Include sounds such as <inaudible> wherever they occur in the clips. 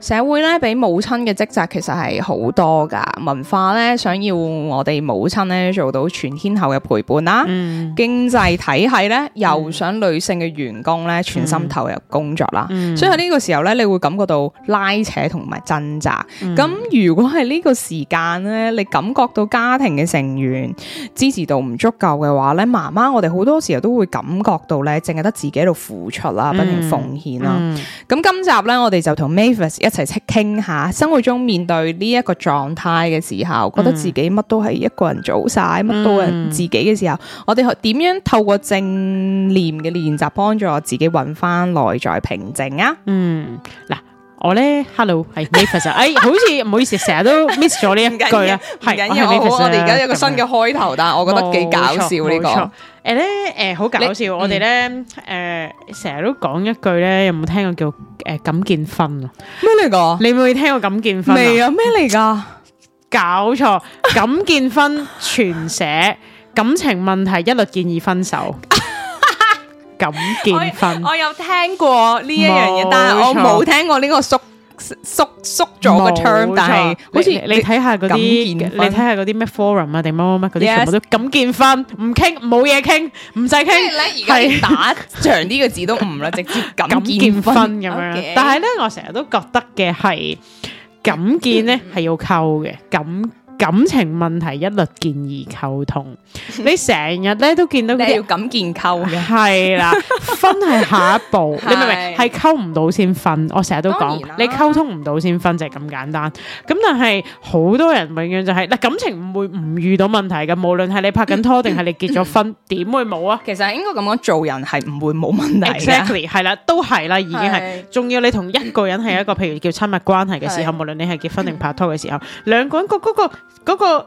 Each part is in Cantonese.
社會咧俾母親嘅職責其實係好多噶，文化咧想要我哋母親咧做到全天候嘅陪伴啦，嗯、經濟體系咧又想女性嘅員工咧全心投入工作啦，嗯、所以喺呢個時候咧，你會感覺到拉扯同埋掙扎。咁、嗯、如果係呢個時間咧，你感覺到家庭嘅成員支持度唔足夠嘅話咧，媽媽，我哋好多時候都會感覺到咧，淨係得自己喺度付出啦，不停奉獻啦。咁、嗯、今集咧，我哋就同 Mavis 一齊傾下，生活中面對呢一個狀態嘅時候，覺得自己乜都係一個人做晒，乜都係自己嘅時候，我哋可點樣透過正念嘅練習幫助自己搵返內在平靜啊？嗯，嗱。我咧，Hello，係 Mavis，哎，好似唔好意思，成日都 miss 咗呢一句啊，係，我我哋而家有個新嘅開頭，但係我覺得幾搞笑呢個，誒咧，誒好搞笑，我哋咧，誒成日都講一句咧，有冇聽過叫誒感建分啊？咩嚟噶？你有冇聽過感建分？未啊？咩嚟噶？搞錯，感建分全寫感情問題一律建議分手。敢見分，我有聽過呢一樣嘢，但係我冇聽過呢個縮縮縮咗個腔，但係好似你睇下嗰啲，你睇下嗰啲咩 forum 啊，定乜乜乜嗰啲，全部都敢見分，唔傾，冇嘢傾，唔使傾，而家係打長啲個字都唔啦，直接敢見分咁樣。但係咧，我成日都覺得嘅係敢見咧係要扣嘅敢。感情問題一律建議溝通。你成日咧都見到你要咁建溝嘅，係啦，分係下一步。你明唔明？係溝唔到先分。我成日都講，你溝通唔到先分，就係咁簡單。咁但係好多人永遠就係嗱，感情唔會唔遇到問題嘅。無論係你拍緊拖定係你結咗婚，點會冇啊？其實應該咁講，做人係唔會冇問題。Exactly，係啦，都係啦，已經係。仲要你同一個人係一個譬如叫親密關係嘅時候，無論你係結婚定拍拖嘅時候，兩個人個嗰個。嗰個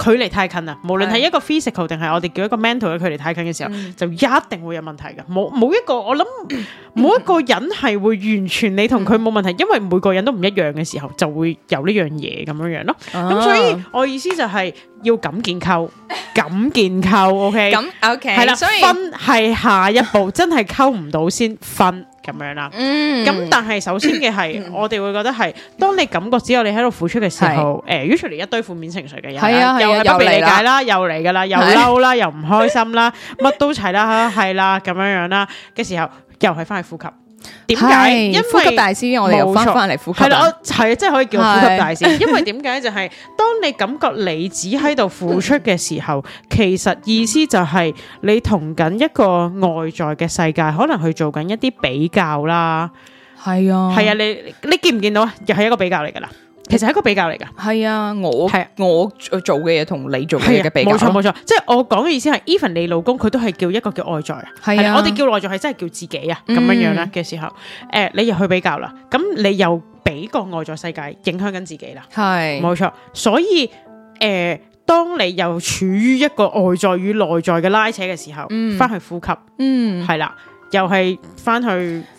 距離太近啦，無論係一個 physical 定係我哋叫一個 mental 嘅距離太近嘅時候，就一定會有問題嘅。冇冇一個我諗，冇一個人係會完全你同佢冇問題，因為每個人都唔一樣嘅時候，就會有呢樣嘢咁樣樣咯。咁所以我意思就係要敢見溝，敢見溝，OK？咁 OK？係啦，所以分係下一步，真係溝唔到先分。咁樣啦，嗯，咁但係首先嘅係，嗯、我哋會覺得係，當你感覺只有你喺度付出嘅時候，誒，usually 一堆負面情緒嘅人，係啊，啊又係不被理解啦，又嚟噶啦，啊、又嬲啦，又唔開心啦，乜 <laughs> 都齊啦，係啦、 <laughs> 啊，咁、啊、樣樣啦嘅時候，又係翻去呼吸。點解？為是因為呼吸大師，錯我哋又翻翻嚟呼吸。係咯，係啊，即係可以叫呼吸大師。是的 因為點解 <laughs> 就係，當你感覺你只喺度付出嘅時候，其實意思就係你同緊一個外在嘅世界，可能去做緊一啲比較啦。係啊的，係啊，你你見唔見到啊？又係一個比較嚟噶啦。其實係一個比較嚟噶，係啊，我係是、啊、我做嘅嘢同你做嘅嘢嘅比較，冇錯冇錯。即係我講嘅意思係，even 你老公佢都係叫一個叫外在，是啊，係啊，我哋叫內在係真係叫自己啊，咁樣樣咧嘅時候，誒、嗯呃，你入去比較啦，咁你又俾個外在世界影響緊自己啦，係冇錯。所以誒、呃，當你又處於一個外在與內在嘅拉扯嘅時候，翻、嗯、去呼吸，嗯，係啦，又係翻去。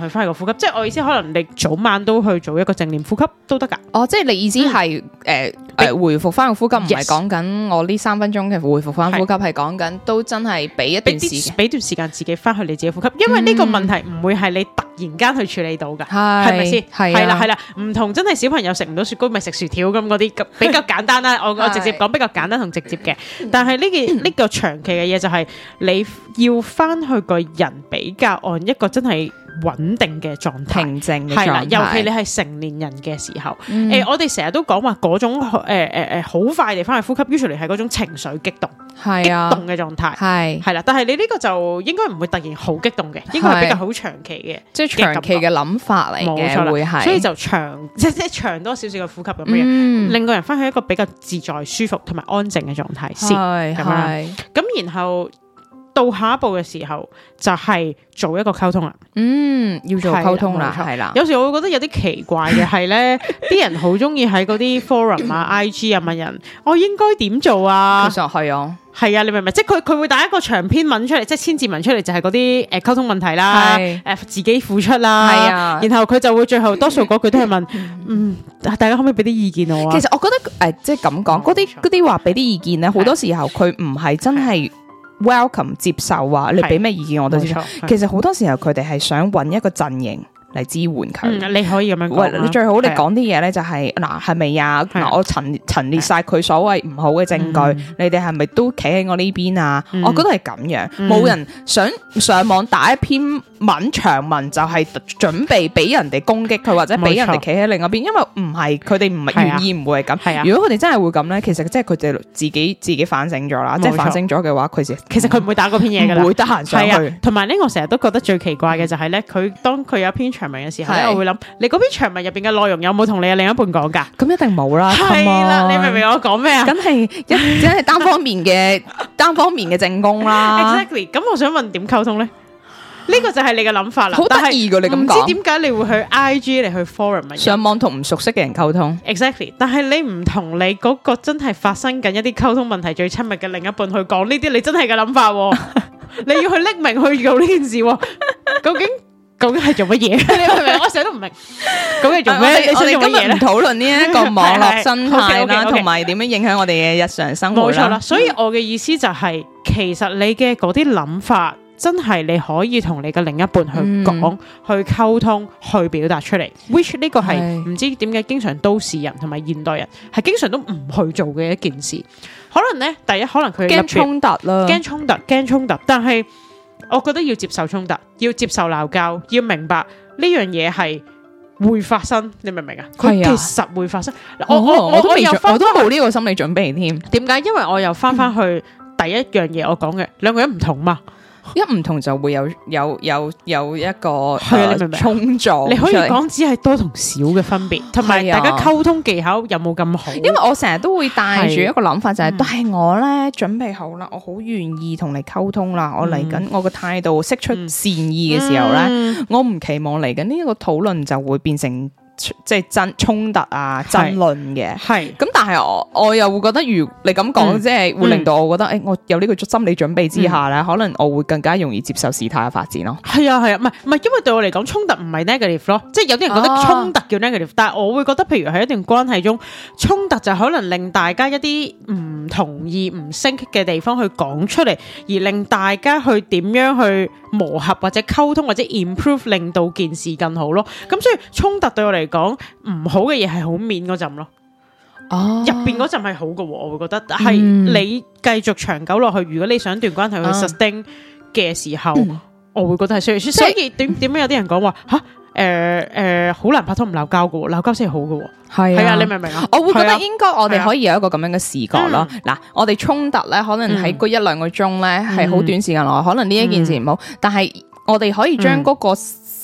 去翻個呼吸，即係我意思，可能你早晚都去做一個正念呼吸都得噶哦，即係你意思係誒。嗯誒，回復翻個呼吸，唔係講緊我呢三分鐘嘅回復翻呼吸，係講緊都真係俾一段時，俾段時間自己翻去你自己呼吸，因為呢個問題唔會係你突然間去處理到噶，係咪先？係啦，係啦，唔同真係小朋友食唔到雪糕咪食薯條咁嗰啲，比較簡單啦。我我直接講比較簡單同直接嘅，但係呢件，呢個長期嘅嘢就係你要翻去個人比較按一個真係穩定嘅狀態，係啦，尤其你係成年人嘅時候。誒，我哋成日都講話嗰種。誒誒誒，好快地翻去呼吸，usually 係嗰種情緒激動、激動嘅狀態，係係啦。但係你呢個就應該唔會突然好激動嘅，應該係比較好長期嘅，即係長期嘅諗法嚟，冇錯會係，所以就長即即係長多少少嘅呼吸噉樣，令個人翻去一個比較自在、舒服同埋安靜嘅狀態先，係咪？咁，然後，到下一步嘅時候，就係做一個溝通啦。嗯，要做溝通啦，係啦。有時我會覺得有啲奇怪嘅係咧，啲人好中意喺嗰啲 forum 啊、IG 啊問人，我應該點做啊？其實係啊，係啊，你明唔明？即係佢佢會打一個長篇文出嚟，即係千字文出嚟，就係嗰啲誒溝通問題啦，誒自己付出啦，係啊。然後佢就會最後多數嗰句都係問，嗯，大家可唔可以俾啲意見我啊？其實我覺得誒，即係咁講，嗰啲嗰啲話俾啲意見咧，好多時候佢唔係真係。Welcome 接受啊，你俾咩意見我都接受。其實好多時候佢哋係想揾一個陣營嚟支援佢，嗯。你可以咁樣，啊喂，你最好你講啲嘢咧就係、是、嗱，係咪的啊？嗱、啊，的我陳陳列晒佢所謂唔好嘅證據，嗯、哼你哋係咪都企喺我呢邊啊？嗯、我覺得係咁樣，冇人想上網打一篇，嗯。 <laughs> 文長文就係準備俾人哋攻擊佢或者俾人哋企喺另一邊，因為唔係佢哋唔係願意唔會係咁。如果佢哋真係會咁咧，其實即係佢哋自己自己反省咗啦。即係反省咗嘅話，佢其實佢唔會打嗰篇嘢噶。唔會得閒上去。係啊，同埋呢，我成日都覺得最奇怪嘅就係咧，佢當佢有篇長文嘅時候咧，我會諗：你嗰篇長文入邊嘅內容有冇同你嘅另一半講噶？咁一定冇啦。係啦，你明唔明我講咩啊？梗係一，只係單方面嘅單方面嘅正攻啦。Exactly。咁我想問點溝通咧？呢個就係你嘅諗法啦，好得意噶你咁講，唔知點解你會去 IG 嚟去 forum 乜嘢？上網同唔熟悉嘅人溝通。Exactly，但係你唔同你嗰個真係發生緊一啲溝通問題最親密嘅另一半去講呢啲你真係嘅諗法，你要去匿名去做呢件事，究竟究竟係做乜嘢？我成日都唔明。究竟你做咩？我哋今日唔討論呢一個網絡生態啦，同埋點樣影響我哋嘅日常生活。冇錯啦，所以我嘅意思就係，其實你嘅嗰啲諗法。真係你可以同你嘅另一半去講，去溝通，去表達出嚟。which 呢個係唔知點解，經常都市人同埋現代人係經常都唔去做嘅一件事。可能呢，第一可能佢驚衝突啦，驚衝突，驚衝突。但係我覺得要接受衝突，要接受鬧交，要明白呢樣嘢係會發生。你明唔明啊？係啊，其實會發生。我我我我有我都冇呢個心理準備添。點解？因為我又翻翻去第一樣嘢，我講嘅兩個人唔同嘛。一唔同就會有有有有一個係、你明唔明，啊，衝撞。你可以講只係多同少嘅分別，同埋大家溝通技巧有冇咁好？的因為我成日都會帶住一個諗法，的就係都係我咧準備好啦，我好願意同你溝通啦，嗯、我嚟緊，我個態度釋出善意嘅時候咧，嗯、我唔期望嚟緊呢一個討論就會變成。即係爭衝突啊，爭論嘅係咁，但係我我又會覺得，如你咁講，嗯、即係會令到我覺得，誒、嗯，哎，我有呢個心理準備之下咧，嗯、可能我會更加容易接受事態嘅發展咯。係啊，係啊，唔係唔係，因為對我嚟講，衝突唔係 negative 咯，即係有啲人覺得衝突叫 negative，、啊、但係我會覺得，譬如喺一段關係中，衝突就可能令大家一啲唔同意、唔 think 嘅地方去講出嚟，而令大家去點樣去磨合或者溝通或者 improve，令到件事更好咯。咁所以衝突對我嚟。講唔好嘅嘢係好面嗰陣咯，哦，入邊嗰陣係好嘅，我會覺得，但係、mm. 你繼續長久落去，如果你想段關係去 sustain s u、mm. s t a i n 嘅時候，我會覺得係需要。嗯、所以點點解有啲人講話吓，誒、啊、誒，好、呃呃、難拍拖唔鬧交嘅，鬧交先係好嘅，係啊，啊，你明唔明啊？我會覺得應該我哋可以有一個咁樣嘅視覺啦。嗱、啊，啊、我哋衝突咧，可能喺嗰一兩個鐘咧，係好短時間內，嗯、可能呢一件事唔好，但係我哋可以將嗰、那個。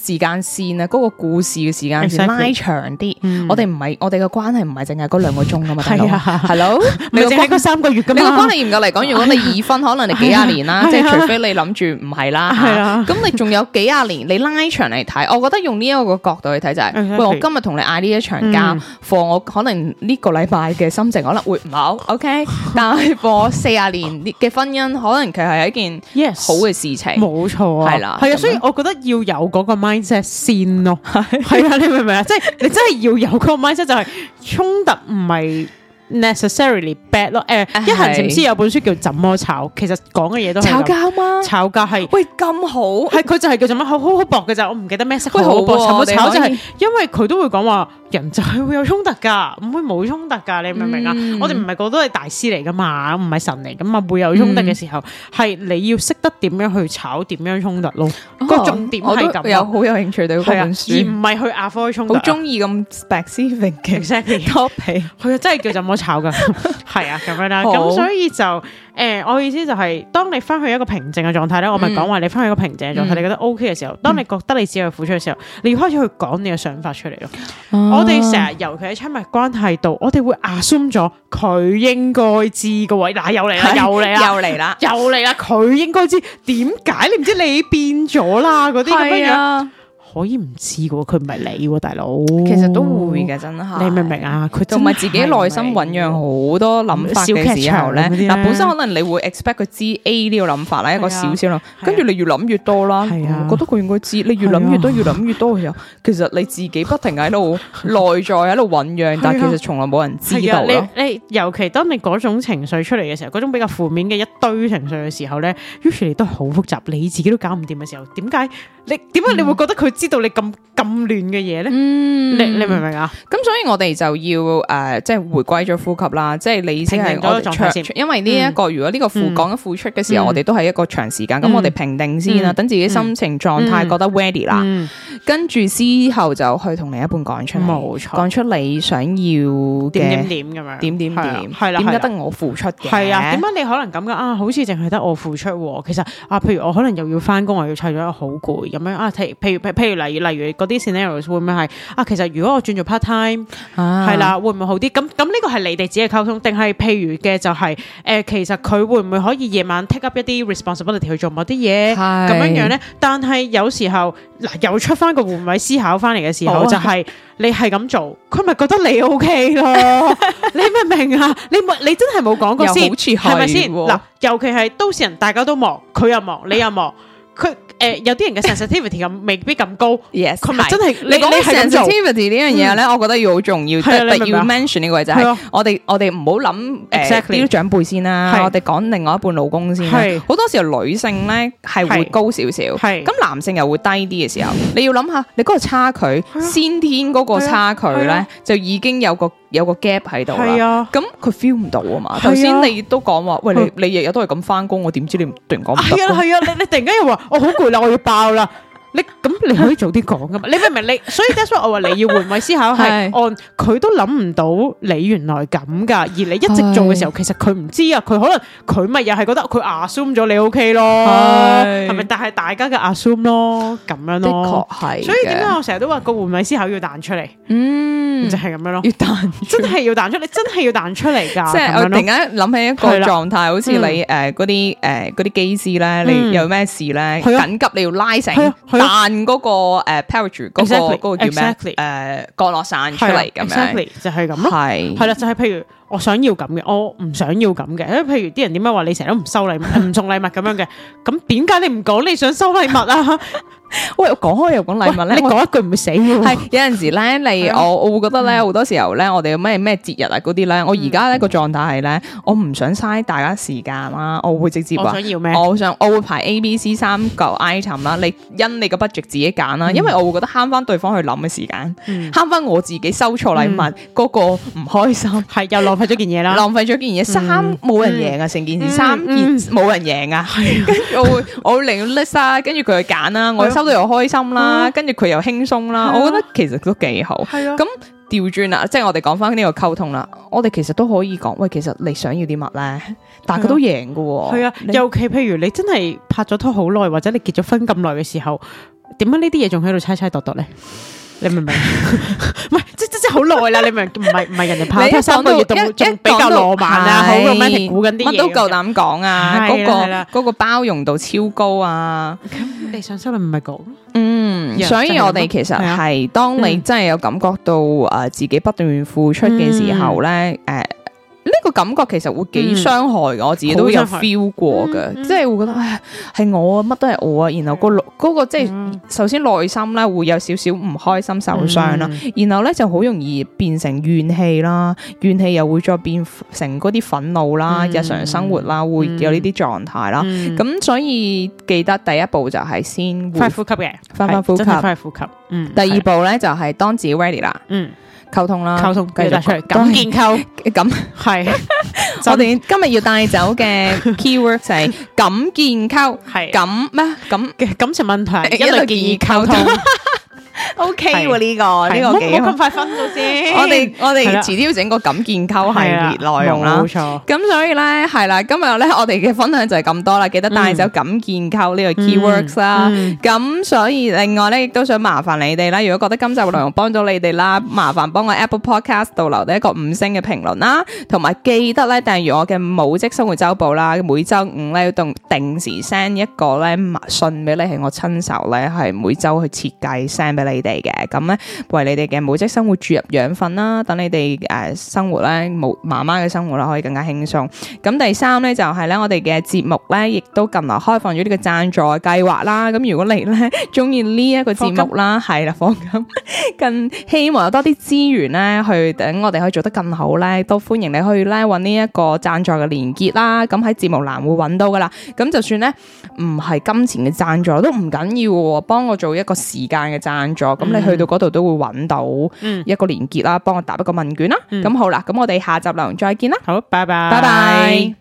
時間線啊，嗰個故事嘅時間線拉長啲，我哋唔係我哋嘅關係唔係淨係嗰兩個鐘㗎嘛，係啊，hello，唔係淨係嗰三個月，你個關係嚟講，如果你已婚，可能你幾廿年啦，即係除非你諗住唔係啦，係啊，咁你仲有幾廿年，你拉長嚟睇，我覺得用呢一個角度去睇就係，喂，我今日同你嗌呢一場交，放我可能呢個禮拜嘅心情可能會唔好，OK，但係放四十年嘅婚姻，可能其實係一件好嘅事情，冇錯，係啦，係啊，所以我覺得要有嗰個。只線咯，係 <laughs> 啊，你明唔明啊？ <laughs> 即係你真係要有個 mindset，就係衝突唔係 Necessarily bad 咯，誒，一行禪師有本書叫《怎麼吵》，其實講嘅嘢都係吵架嗎？吵架係喂咁好，係佢就係叫做乜好好薄嘅咋，我唔記得咩色好好薄。吵架就係因為佢都會講話，人就係會有衝突㗎，唔會冇衝突㗎，你明唔明啊？我哋唔係個個都係大師嚟㗎嘛，唔係神嚟㗎嘛，會有衝突嘅時候，係你要識得點樣去吵，點樣衝突咯。個重點係咁，有好有興趣對嗰本書，而唔係去 avoid 衝突好鍾意咁白絲 p i 真係叫炒噶，係 <laughs> 啊，咁樣啦，咁好所以就誒、呃，我意思就係、是，當你翻去一個平靜嘅狀態咧，嗯、我咪講話你翻去一個平靜嘅狀態，嗯、你覺得 O K 嘅時候，當你覺得你只有付出嘅時候，嗯、你要開始去講你嘅想法出嚟咯。嗯、我哋成日，尤其喺親密關係度，我哋會 assume 咗佢應該知個位，嗱，又嚟啦，又嚟啦，是又嚟啦，又嚟啦，佢應該知點解？你唔知你變咗啦，嗰啲咁樣、樣。可以唔知嘅喎，佢唔係你喎，大佬。其實都會嘅，真係。你明唔明啊？佢同埋自己內心醞釀好多諗法嘅時候咧，嗱，本身可能你會 expect 佢知 A 呢個諗法啦，啊、一個少少諗，跟住你越諗越多啦，啊、我覺得佢應該知。你越諗越多，啊、越諗越多，越諗越多嘅時候，其實你自己不停喺度內在喺度醞釀，啊、但係其實從來冇人知道，啊啊、你，你尤其當你嗰種情緒出嚟嘅時候，嗰種比較負面嘅一堆情緒嘅時候咧，Usually 都好複雜，你自己都搞唔掂嘅時候，點解？你點解你會覺得佢知道你咁咁亂嘅嘢咧？你你明唔明啊？咁所以我哋就要誒，即係回歸咗呼吸啦，即係你先係我長因為呢一個如果呢個付講緊付出嘅時候，我哋都係一個長時間咁，我哋平定先啦，等自己心情狀態覺得 ready 啦，跟住之後就去同另一半講出，冇錯，講出你想要嘅點點點咁樣，點點點係啦，點解得我付出嘅？係啊，點解你可能感覺啊？啊，好似淨係得我付出，其實啊，譬如我可能又要翻工，我要砌咗，一個好攰。咁樣啊？譬譬如譬如例如例如嗰啲 scenarios 會唔會係啊？其實如果我轉做 part time 係啦，會唔會好啲？咁咁呢個係你哋自己溝通，定係譬如嘅就係、是、誒、呃，其實佢會唔會可以夜晚 take up 一啲 responsibility 去做某啲嘢咁樣樣咧？但係有時候嗱、啊，又出翻個換位思考翻嚟嘅時候，哦、就係、是、你係咁做，佢咪覺得你 OK 咯？ <laughs> 你明唔明啊？你冇你真係冇講過先，係咪先嗱、啊？尤其係都市人，大家都忙，佢又忙，你又忙，佢。 <laughs> <laughs> 誒，有啲人嘅 sensitivity 咁未必咁高，佢唔係真係。你講啲 sensitivity 呢樣嘢咧，我覺得要好重要，即係要 mention 呢個位就係我哋我哋唔好諗 exactly 啲長輩先啦，我哋講另外一半老公先。好多時候女性咧係會高少少，係咁男性又會低啲嘅時候，你要諗下你嗰個差距，先天嗰個差距咧就已經有個。有個 gap 喺度啦，咁佢 feel 唔到啊嘛。頭先、啊、你都講話，啊、喂，你你日日都係咁返工，我點知你突然講唔得？係啊係啊，啊，你你突然間又話我好攰啦，我要爆啦。你咁你可以早啲講噶嘛？你明唔明？你所以 that's why 我話你要換位思考，係按佢都諗唔到你原來咁噶，而你一直做嘅時候，其實佢唔知啊。佢可能佢咪又係覺得佢 assume 咗你 OK 咯，係咪？但係大家嘅 assume 咯，咁樣咯，的確係。所以點解我成日都話個換位思考要彈出嚟？嗯，就係咁樣咯，要彈真係要彈出，你真係要彈出嚟㗎。即係我突然間諗起一個狀態，好似你誒嗰啲誒嗰啲機師咧，你有咩事咧緊急你要拉繩。散嗰、那個 p a r i t y 嗰個嗰個叫咩降落傘，出嚟咁樣是，就係咁咯，係啦，就係譬如我想要咁嘅，我唔想要咁嘅。誒，譬如啲人點解話你成日都唔收禮物、唔、 <laughs> 呃、送禮物咁樣嘅？咁點解你唔講你想收禮物啊？ <laughs> 喂，我講開又講禮物咧，你講一句唔會死。係有陣時咧，你我我會覺得咧，好多時候咧，我哋咩咩節日啊嗰啲咧，我而家呢個狀態係咧，我唔想嘥大家時間啦，我會直接話，我想我想我會排 A、B、C 三嚿 item 啦，你因你個 budget 自己揀啦，因為我會覺得慳翻對方去諗嘅時間，慳翻我自己收錯禮物嗰個唔開心，係又浪費咗件嘢啦，浪費咗件嘢，三冇人贏啊，成件事三件冇人贏啊，跟住我會我會令 list 啊，跟住佢去揀啦，我佢又開心啦，嗯、跟住佢又輕鬆啦，啊、我覺得其實都幾好。咁調轉啦，即係、就是、我哋講翻呢個溝通啦，我哋其實都可以講，喂，其實你想要啲乜咧？大家都贏嘅喎，係啊，啊你尤其譬如你真係拍咗拖好耐，或者你結咗婚咁耐嘅時候，點解呢啲嘢仲喺度猜猜度度咧？你明唔明？唔係，即即即好耐啦！你明唔係唔係人哋拍拖三個月都比較浪漫啊！好個咩 level 估緊啲，乜都夠膽講啊！嗰個個包容度超高啊！咁你想收你唔係講。嗯，所以我哋其實係當你真係有感覺到誒自己不斷付出嘅時候咧，誒。個感覺其實會幾傷害，我自己都有 feel 過嘅，即係會覺得，唉，係我啊，乜都係我啊。然後個嗰個即係首先內心咧會有少少唔開心、受傷啦。然後咧就好容易變成怨氣啦，怨氣又會再變成嗰啲憤怒啦，日常生活啦會有呢啲狀態啦。咁所以記得第一步就係先深呼吸嘅，深呼吸，真呼吸。第二步咧就係當自己 ready 啦，嗯，溝通啦，溝通，跟住出嚟，咁建構，咁係。 <laughs> 我哋今日要帶走嘅 keyword <laughs> 就係感建溝，係咁咩？咁嘅感情問題、欸、一律建議溝通。 <laughs> O K 喎，呢個呢個幾好，咁快分到先。我哋我哋遲啲要整個感建構系列內容啦，冇錯。咁所以咧係啦，今日咧我哋嘅分享就係咁多啦。記得帶住感建構呢個 keywords 啦。咁所以另外咧，亦都想麻煩你哋啦。如果覺得今集嘅內容幫到你哋啦，麻煩幫我 Apple Podcast 度留低一個五星嘅評論啦。同埋記得咧訂閱我嘅母職生活週報啦。每周五咧要定定時 send 一個咧信俾你，係我親手咧係每周去設計 send 俾。你哋嘅咁咧，為你哋嘅母職生活注入養分啦，等你哋誒生活咧，母媽媽嘅生活啦，可以更加輕鬆。咁第三咧就係咧，我哋嘅節目咧，亦都近來開放咗呢個讚助計劃啦。咁如果你咧中意呢一個節目啦，係啦近，放緊，更 <laughs> 希望有多啲資源咧，去等我哋可以做得更好咧，都歡迎你去以咧搵呢一個讚助嘅連結啦。咁喺節目欄會搵到噶啦。咁就算咧唔係金錢嘅讚助都唔緊要，幫我做一個時間嘅讚助。咁你去到嗰度都會揾到一個連結啦，幫、嗯、我答一個問卷啦。咁、嗯、好啦，咁我哋下集流再見啦。好，拜拜，拜拜。